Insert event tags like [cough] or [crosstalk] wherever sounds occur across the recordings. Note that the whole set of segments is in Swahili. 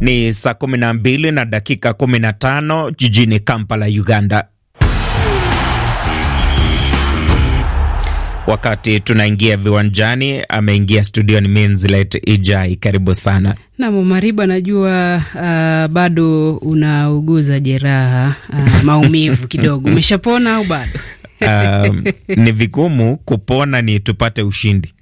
Ni saa 12 na dakika 15 jijini Kampala, Uganda. Wakati tunaingia viwanjani, ameingia ni Minslet Ijai, karibu sana. Nam Mariba, anajua uh, bado unauguza jeraha uh, maumivu kidogo. [laughs] Umeshapona au bado? um, ni vigumu kupona ni tupate ushindi.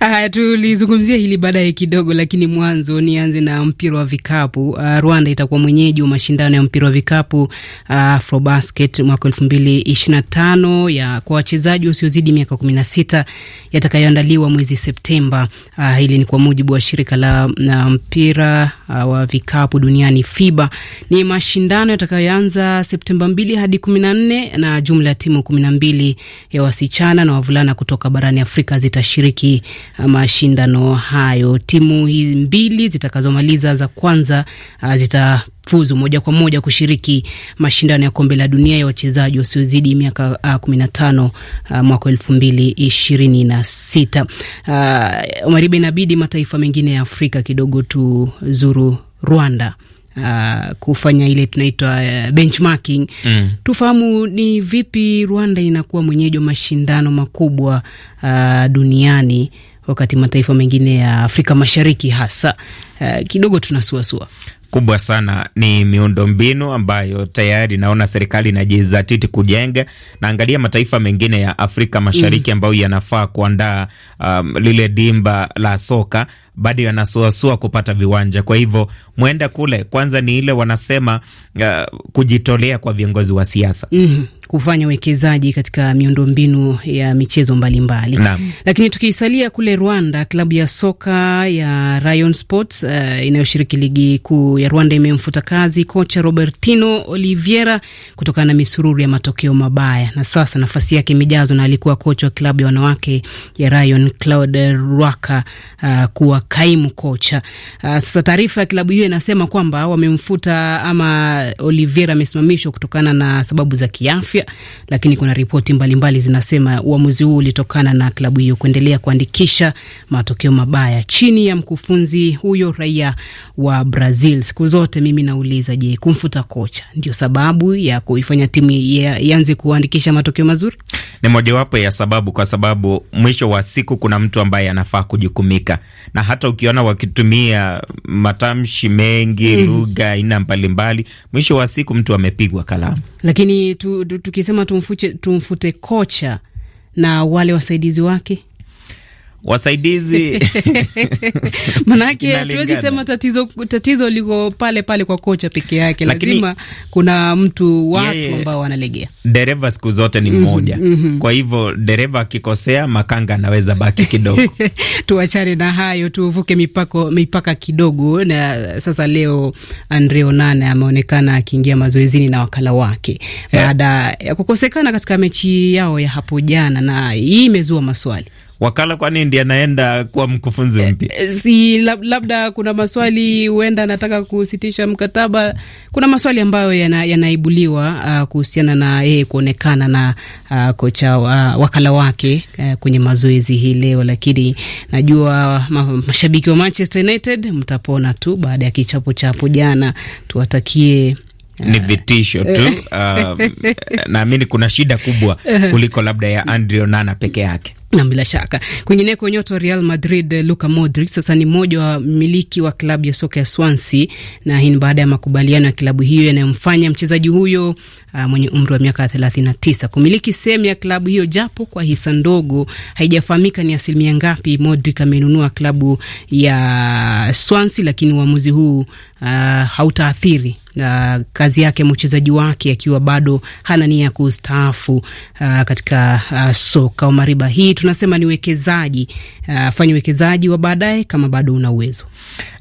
Uh, tulizungumzia hili baadaye kidogo, lakini mwanzo nianze na mpira wa vikapu. Uh, Rwanda itakuwa mwenyeji wa mashindano ya mpira wa vikapu uh, Afrobasket mwaka elfu mbili ishirini na tano ya kwa wachezaji wasiozidi miaka kumi na sita yatakayoandaliwa mwezi Septemba. Uh, hili ni kwa mujibu wa shirika la mpira uh, wa vikapu duniani FIBA. Ni mashindano yatakayoanza Septemba mbili hadi kumi na nne na jumla ya timu kumi na mbili ya wasichana na wavulana kutoka barani Afrika zitashiriki uh, mashindano hayo. Timu hizi mbili zitakazomaliza za kwanza uh, zita fuzu moja kwa moja kushiriki mashindano ya kombe la dunia ya wachezaji wasiozidi miaka uh, kumi na tano uh, mwaka elfu mbili ishirini na sita. Uh, Maribe, inabidi mataifa mengine ya Afrika kidogo tuzuru Rwanda uh, kufanya ile tunaitwa uh, benchmarking mm. Tufahamu ni vipi Rwanda inakuwa mwenyeji wa mashindano makubwa uh, duniani wakati mataifa mengine ya Afrika Mashariki hasa uh, kidogo tunasuasua kubwa sana ni miundombinu ambayo tayari naona serikali inajizatiti kujenga. Naangalia mataifa mengine ya Afrika Mashariki mm. ambayo yanafaa kuandaa um, lile dimba la soka bado yanasuasua kupata viwanja. Kwa hivyo mwenda kule kwanza ni ile wanasema uh, kujitolea kwa viongozi wa siasa mm, kufanya uwekezaji katika miundombinu ya michezo mbalimbali mbali. Lakini tukiisalia kule Rwanda, klabu ya soka ya Rayon Sports uh, inayoshiriki ligi kuu ya Rwanda imemfuta kazi kocha Robertino Oliveira kutokana na misururu ya matokeo mabaya, na sasa nafasi yake imejazwa na alikuwa kocha wa klabu ya wanawake ya Rayon Claude Rwaka uh, kuwa kaimu kocha uh, sasa taarifa ya klabu hiyo inasema kwamba wamemfuta ama Oliveira amesimamishwa kutokana na sababu za kiafya, lakini kuna ripoti mbalimbali zinasema uamuzi huu ulitokana na klabu hiyo kuendelea kuandikisha matokeo mabaya chini ya mkufunzi huyo raia wa Brazil siku zote mimi nauliza, je, kumfuta kocha ndio sababu ya kuifanya timu ianze kuandikisha matokeo mazuri? Ni mojawapo ya sababu, kwa sababu mwisho wa siku kuna mtu ambaye anafaa kujukumika, na hata ukiona wakitumia matamshi mengi, mm, lugha aina mbalimbali, mwisho wa siku mtu amepigwa kalamu. Lakini tu, tu, tukisema tumfute, tumfute kocha na wale wasaidizi wake wasaidizi [laughs] manake tuwezi sema tatizo, tatizo liko pale pale kwa kocha peke yake, lazima kuna mtu watu ambao wanalegea. Dereva siku zote ni mhm, mmoja mm -hmm. Kwa hivyo dereva akikosea, makanga anaweza baki kidogo [laughs] tuachane na hayo, tuvuke mipako, mipaka kidogo. Na sasa leo Andre Onana ameonekana akiingia mazoezini na wakala wake eh. baada ya kukosekana katika mechi yao ya hapo jana, na hii imezua maswali Wakala, kwani ndiye anaenda kuwa mkufunzi eh, mpya? Eh, si labda kuna maswali huenda anataka kusitisha mkataba. Kuna maswali ambayo yana, yanaibuliwa uh, kuhusiana na yeye kuonekana na uh, kocha uh, wakala wake uh, kwenye mazoezi hii leo, lakini najua ma, mashabiki wa Manchester United mtapona tu baada ya kichapo cha hapo jana, tuwatakie ni vitisho tu. Uh, naamini kuna shida kubwa kuliko labda ya Andre Onana peke yake. Na bila shaka kwingineko, nyota wa Real Madrid Luka Modric sasa ni mmoja wa mmiliki wa klabu ya soka ya Swansea, na hii ni baada ya makubaliano ya klabu hiyo yanayomfanya mchezaji huyo uh, mwenye umri wa miaka 39 kumiliki sehemu ya klabu hiyo, japo kwa hisa ndogo. Haijafahamika ni asilimia ngapi Modric amenunua klabu ya Swansea, lakini uamuzi huu uh, hautaathiri uh, kazi yake mchezaji wake akiwa bado hana nia ya kustaafu uh, katika uh, soka au mariba hii tunasema ni wekezaji uh, fanya uwekezaji wa baadaye kama bado una uwezo.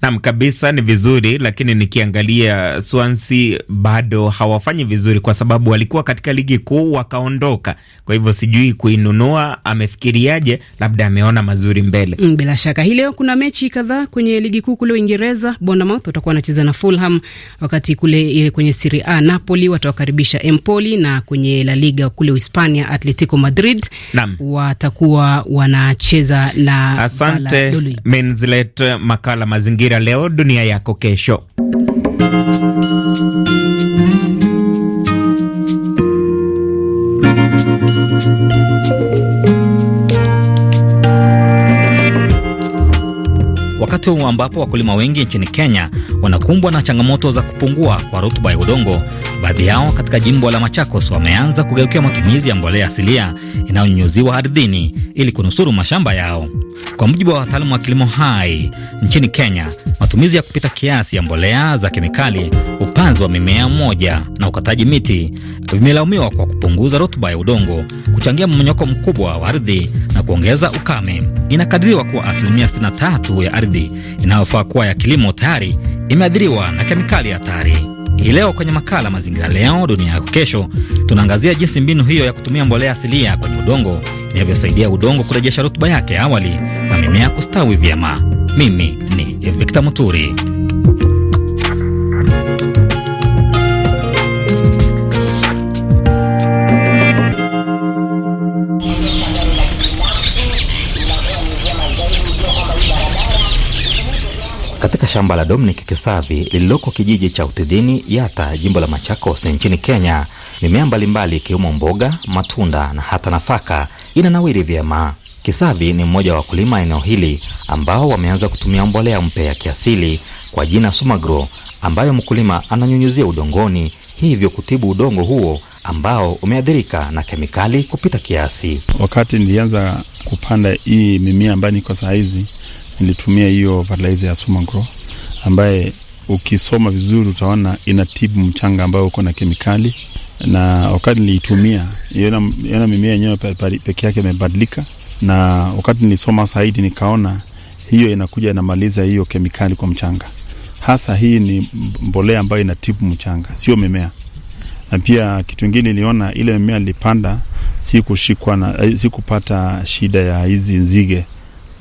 Naam, kabisa ni vizuri, lakini nikiangalia Swansea bado hawafanyi vizuri kwa sababu walikuwa katika ligi kuu wakaondoka. Kwa hivyo sijui kuinunua amefikiriaje, labda ameona mazuri mbele. Mm, bila shaka hii leo kuna mechi kadhaa kwenye ligi kuu kule Uingereza. Bournemouth watakuwa wanacheza na Fulham wakati kule eh, kwenye Serie A Napoli watawakaribisha Empoli, na kwenye La Liga kule Uhispania Atletico Madrid Nam. watakuwa wanacheza na asante Menzlet. Makala mazingira leo, dunia yako kesho wakati huu ambapo wakulima wengi nchini Kenya wanakumbwa na changamoto za kupungua kwa rutuba ya udongo. Baadhi yao katika jimbo la Machakos wameanza kugeukia matumizi ya mbolea asilia inayonyunyuziwa ardhini ili kunusuru mashamba yao. Kwa mujibu wa wataalamu wa kilimo hai nchini Kenya, matumizi ya kupita kiasi ya mbolea za kemikali, upanzi wa mimea moja na ukataji miti vimelaumiwa kwa kupunguza rutuba ya udongo, kuchangia mmonyoko mkubwa wa ardhi na kuongeza ukame. Inakadiriwa kuwa asilimia 63 ya ardhi inayofaa kuwa ya kilimo tayari imeathiriwa na kemikali hatari. Hii leo kwenye makala Mazingira Leo Dunia Yako Kesho, tunaangazia jinsi mbinu hiyo ya kutumia mbolea asilia kwenye udongo inavyosaidia udongo kurejesha rutuba yake awali na mimea kustawi vyema. Mimi ni Victor Muturi. katika shamba la Dominic Kisavi lililoko kijiji cha Utidhini Yata, jimbo la Machakos nchini Kenya. Mimea mbalimbali ikiwemo mboga, matunda na hata nafaka inanawiri vyema. Kisavi ni mmoja wa wakulima eneo hili ambao wameanza kutumia mbolea mpya ya kiasili kwa jina Sumagro, ambayo mkulima ananyunyuzia udongoni, hivyo kutibu udongo huo ambao umeathirika na kemikali kupita kiasi. Wakati nilianza kupanda hii mimea ambayo niko saa hizi nilitumia hiyo fertilizer ya Sumagro ambaye ukisoma vizuri utaona inatibu mchanga ambao uko na kemikali, na wakati niliitumia iona mimea yenyewe peke yake imebadilika, na wakati nilisoma saidi nikaona hiyo inakuja inamaliza hiyo kemikali kwa mchanga. Hasa hii ni mbolea ambayo inatibu mchanga, sio mimea. Na pia kitu kingine niliona ile mimea nilipanda eh, sikupata shida ya hizi nzige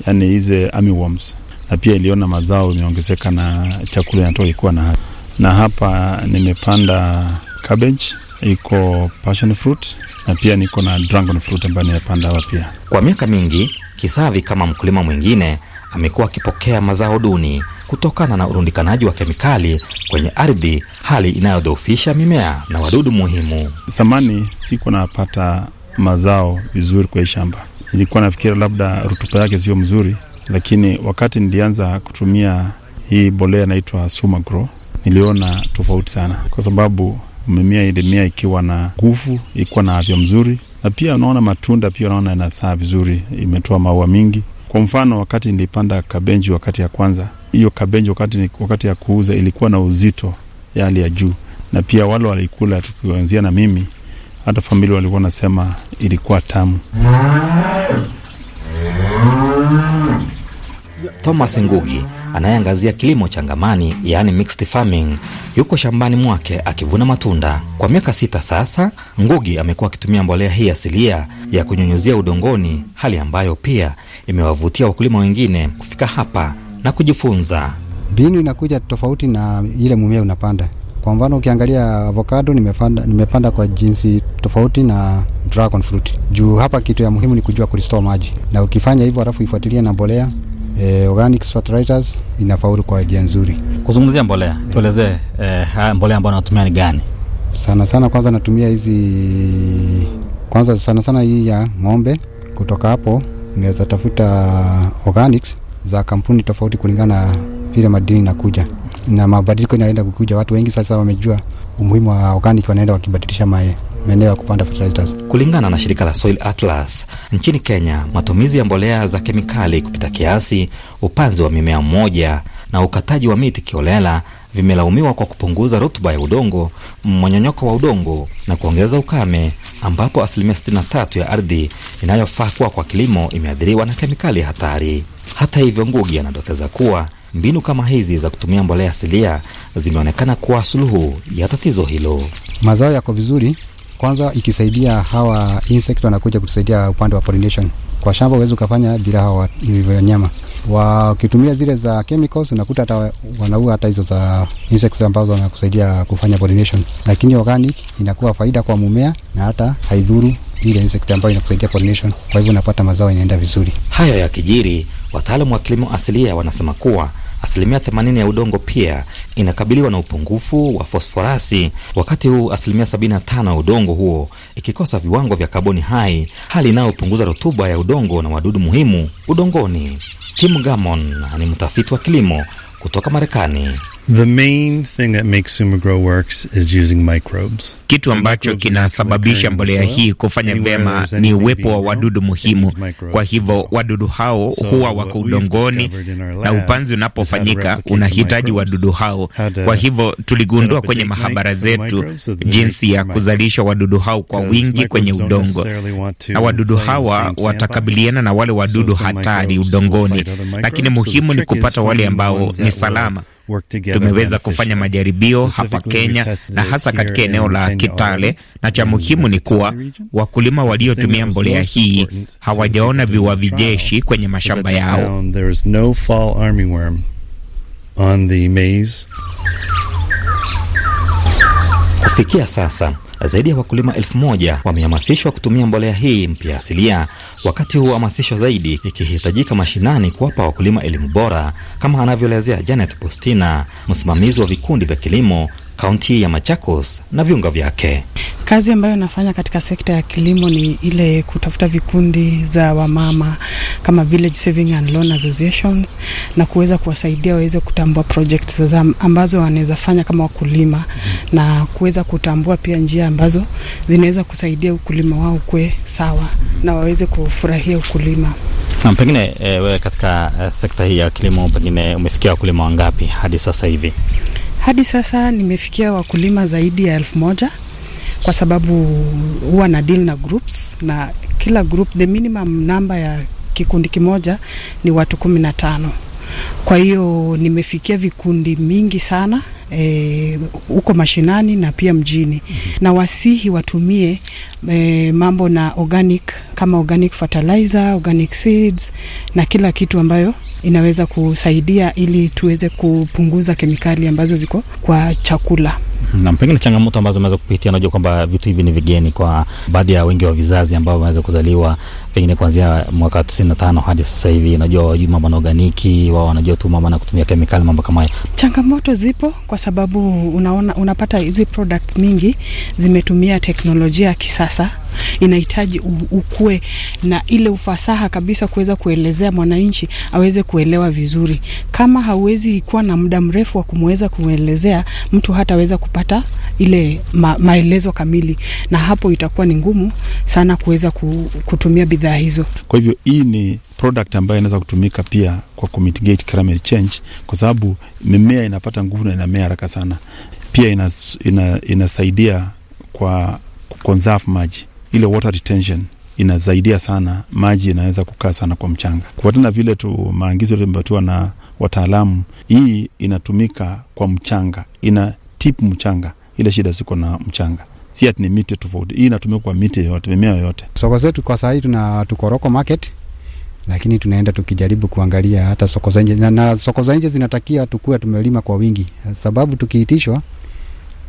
yani hizi armyworms, na pia iliona mazao imeongezeka na chakula inatoka ikuwa na hapa. Na hapa nimepanda cabbage, iko passion fruit na pia niko na dragon fruit ambayo nimepanda hapa pia. Kwa miaka mingi, Kisavi kama mkulima mwingine amekuwa akipokea mazao duni kutokana na urundikanaji wa kemikali kwenye ardhi, hali inayodhoofisha mimea na wadudu muhimu. Samani sikuwa napata mazao vizuri kwa shamba nilikuwa nafikira labda rutuba yake sio mzuri, lakini wakati nilianza kutumia hii bolea inaitwa Sumagro niliona tofauti sana, kwa sababu mimea ilimea ikiwa na nguvu, ikiwa na afya mzuri, na pia unaona matunda pia unaona inasaa vizuri, imetoa maua mingi. Kwa mfano, wakati nilipanda kabenji wakati ya kwanza, hiyo kabenji wakati, wakati ya kuuza ilikuwa na uzito ya hali ya juu, na pia wale walikula tukianzia na mimi hata familia walikuwa wanasema ilikuwa tamu. Thomas Ngugi anayeangazia kilimo changamani yaani mixed farming yuko shambani mwake akivuna matunda. Kwa miaka sita sasa, Ngugi amekuwa akitumia mbolea hii asilia ya kunyunyuzia udongoni, hali ambayo pia imewavutia wakulima wengine kufika hapa na kujifunza. Mbinu inakuja tofauti na ile mumea unapanda kwa mfano ukiangalia avocado nimepanda, nimepanda kwa jinsi tofauti na dragon fruit, juu hapa kitu ya muhimu ni kujua kulistore maji, na ukifanya hivyo alafu ifuatilie na mbolea E, organic fertilizers inafaulu kwa njia nzuri. Kuzungumzia mbolea, tuelezee eh, mbolea ambayo natumia ni gani? Sana sana kwanza natumia hizi kwanza sana sana hii ya ng'ombe. Kutoka hapo naweza tafuta organics za kampuni tofauti kulingana na vile madini nakuja na mabadiliko inaenda kukuja. Watu wengi sasa wamejua umuhimu wa organic, wanaenda wakibadilisha mae maeneo ya kupanda fertilizers. Kulingana na shirika la Soil Atlas nchini Kenya, matumizi ya mbolea za kemikali kupita kiasi, upanzi wa mimea mmoja na ukataji wa miti kiolela vimelaumiwa kwa kupunguza rutuba ya udongo, mmonyonyoko wa udongo na kuongeza ukame, ambapo asilimia 63 ya ardhi inayofaa kuwa kwa kilimo imeathiriwa na kemikali hatari. Hata hivyo, Ngugi anadokeza kuwa Mbinu kama hizi za kutumia mbolea asilia zimeonekana kuwa suluhu ya tatizo hilo. Mazao yako vizuri, kwanza ikisaidia hawa insect wanakuja kutusaidia upande wa pollination kwa shamba, uwezi ukafanya bila hawa wanyama. Wakitumia zile za chemicals, unakuta hata wanaua hata hizo za insects ambazo wanakusaidia kufanya pollination, lakini organic inakuwa faida kwa mumea na hata haidhuru ile insect ambayo inakusaidia pollination. Kwa hivyo unapata mazao inaenda vizuri. Haya ya kijiri Wataalamu wa kilimo asilia wanasema kuwa asilimia 80 ya udongo pia inakabiliwa na upungufu wa fosforasi, wakati huu asilimia 75 ya udongo huo ikikosa viwango vya kaboni hai, hali inayopunguza rutuba ya udongo na wadudu muhimu udongoni. Tim Gamon ni mtafiti wa kilimo kutoka Marekani. The main thing that makes Sumagrow works is using microbes. Kitu ambacho kinasababisha mbolea hii kufanya vyema ni uwepo wa wadudu muhimu. Kwa hivyo wadudu hao huwa wako udongoni, na upanzi unapofanyika unahitaji wadudu hao. Kwa hivyo tuligundua kwenye mahabara zetu jinsi ya kuzalisha wadudu hao kwa wingi kwenye udongo, na wadudu hawa watakabiliana na wale wadudu hatari udongoni, lakini muhimu ni kupata wale ambao ni salama. Tumeweza kufanya majaribio hapa Kenya na hasa katika eneo la Kitale, na cha muhimu ni kuwa wakulima waliotumia mbolea hii hawajaona viwa vijeshi kwenye mashamba yao. Kufikia sasa zaidi ya wakulima elfu moja wamehamasishwa kutumia mbolea hii mpya asilia, wakati huu hamasisho zaidi ikihitajika mashinani kuwapa wakulima elimu bora, kama anavyoelezea Janet Postina, msimamizi wa vikundi vya kilimo kaunti ya Machakos na viunga vyake. Kazi ambayo nafanya katika sekta ya kilimo ni ile kutafuta vikundi za wamama kama Village Saving and Loan Associations na kuweza kuwasaidia waweze kutambua za ambazo wanaweza fanya kama wakulima na kuweza kutambua pia njia ambazo zinaweza kusaidia ukulima wao kwe sawa na waweze kufurahia ukulima. Na pengine e, wewe katika e, sekta hii ya kilimo pengine umefikia wakulima wangapi hadi sasa hivi? Hadi sasa nimefikia wakulima zaidi ya elfu moja kwa sababu huwa na deal na groups na kila group the minimum namba ya kikundi kimoja ni watu kumi na tano. Kwa hiyo nimefikia vikundi mingi sana e, huko e, mashinani na pia mjini mm -hmm. Na wasihi watumie e, mambo na organic kama organic fertilizer, organic seeds na kila kitu ambayo inaweza kusaidia ili tuweze kupunguza kemikali ambazo ziko kwa chakula. Na pengine changamoto ambazo umeweza kupitia, unajua kwamba vitu hivi ni vigeni kwa baadhi ya wengi wa vizazi ambao wameweza kuzaliwa pengine kuanzia mwaka 95 hadi sasa hivi, unajua wajui mambo na organiki, wao wanajua tu mambo na kutumia kemikali, mambo kama hayo. Changamoto zipo kwa sababu unaona, unapata hizi products mingi zimetumia teknolojia ya kisasa inahitaji ukue na ile ufasaha kabisa kuweza kuelezea mwananchi aweze kuelewa vizuri. Kama hauwezi kuwa na muda mrefu wa kumweza kumwelezea mtu, hataweza kupata ile ma maelezo kamili, na hapo itakuwa ni ngumu sana kuweza kutumia bidhaa hizo. Kwa hivyo hii ni product ambayo inaweza kutumika pia kwa kumitigate climate change, kwa sababu mimea inapata nguvu na inamea haraka sana. Pia inas, ina, inasaidia kwa kuconserve maji ile water retention inazaidia sana, maji inaweza kukaa sana kwa mchanga. Kufuatana vile tu maangizo yaliyopatiwa na wataalamu, hii inatumika kwa mchanga, ina tip mchanga ile shida ziko na mchanga si ati ni miti tofauti. Hii inatumika kwa miti yoyote, mimea yoyote. Soko zetu kwa sahii tuna tukoroko market, lakini tunaenda tukijaribu kuangalia hata soko za nje na, na soko za nje zinatakia tukue tumelima kwa wingi, sababu tukiitishwa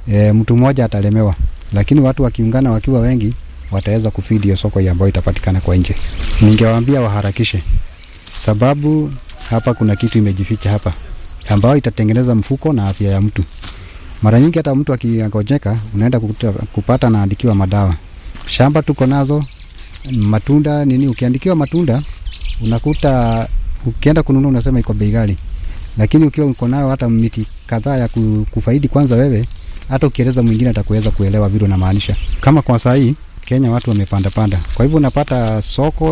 e, mtu mmoja atalemewa, lakini watu wakiungana wakiwa wengi wataweza kufidi hiyo soko ambayo itapatikana kwa nje. Ningewaambia waharakishe, sababu hapa kuna kitu imejificha hapa ambayo itatengeneza mfuko na afya ya mtu. Mara nyingi hata mtu akiangojeka, unaenda kupata naandikiwa madawa. Shamba tuko nazo matunda nini, ukiandikiwa matunda unakuta ukienda kununua unasema iko bei ghali, lakini ukiwa uko nayo hata miti kadhaa ya kufaidi kwanza wewe, hata ukieleza mwingine atakuweza kuelewa vile unamaanisha. Kama kwa saa hii Kenya watu wamepanda panda, kwa hivyo unapata soko,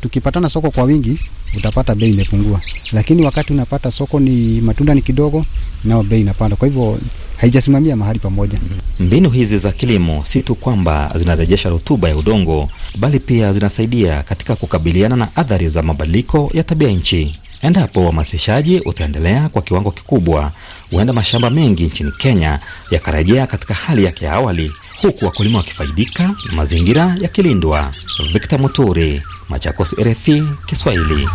tukipatana soko kwa wingi utapata bei imepungua, lakini wakati unapata soko ni matunda ni kidogo, nao bei inapanda, kwa hivyo haijasimamia mahali pamoja. Mbinu hizi za kilimo si tu kwamba zinarejesha rutuba ya udongo, bali pia zinasaidia katika kukabiliana na athari za mabadiliko ya tabia nchi. Endapo uhamasishaji utaendelea kwa kiwango kikubwa, huenda mashamba mengi nchini Kenya yakarejea katika hali yake ya awali huku wakulima wakifaidika mazingira yakilindwa. Victor Muturi, Machakos, RFI Kiswahili.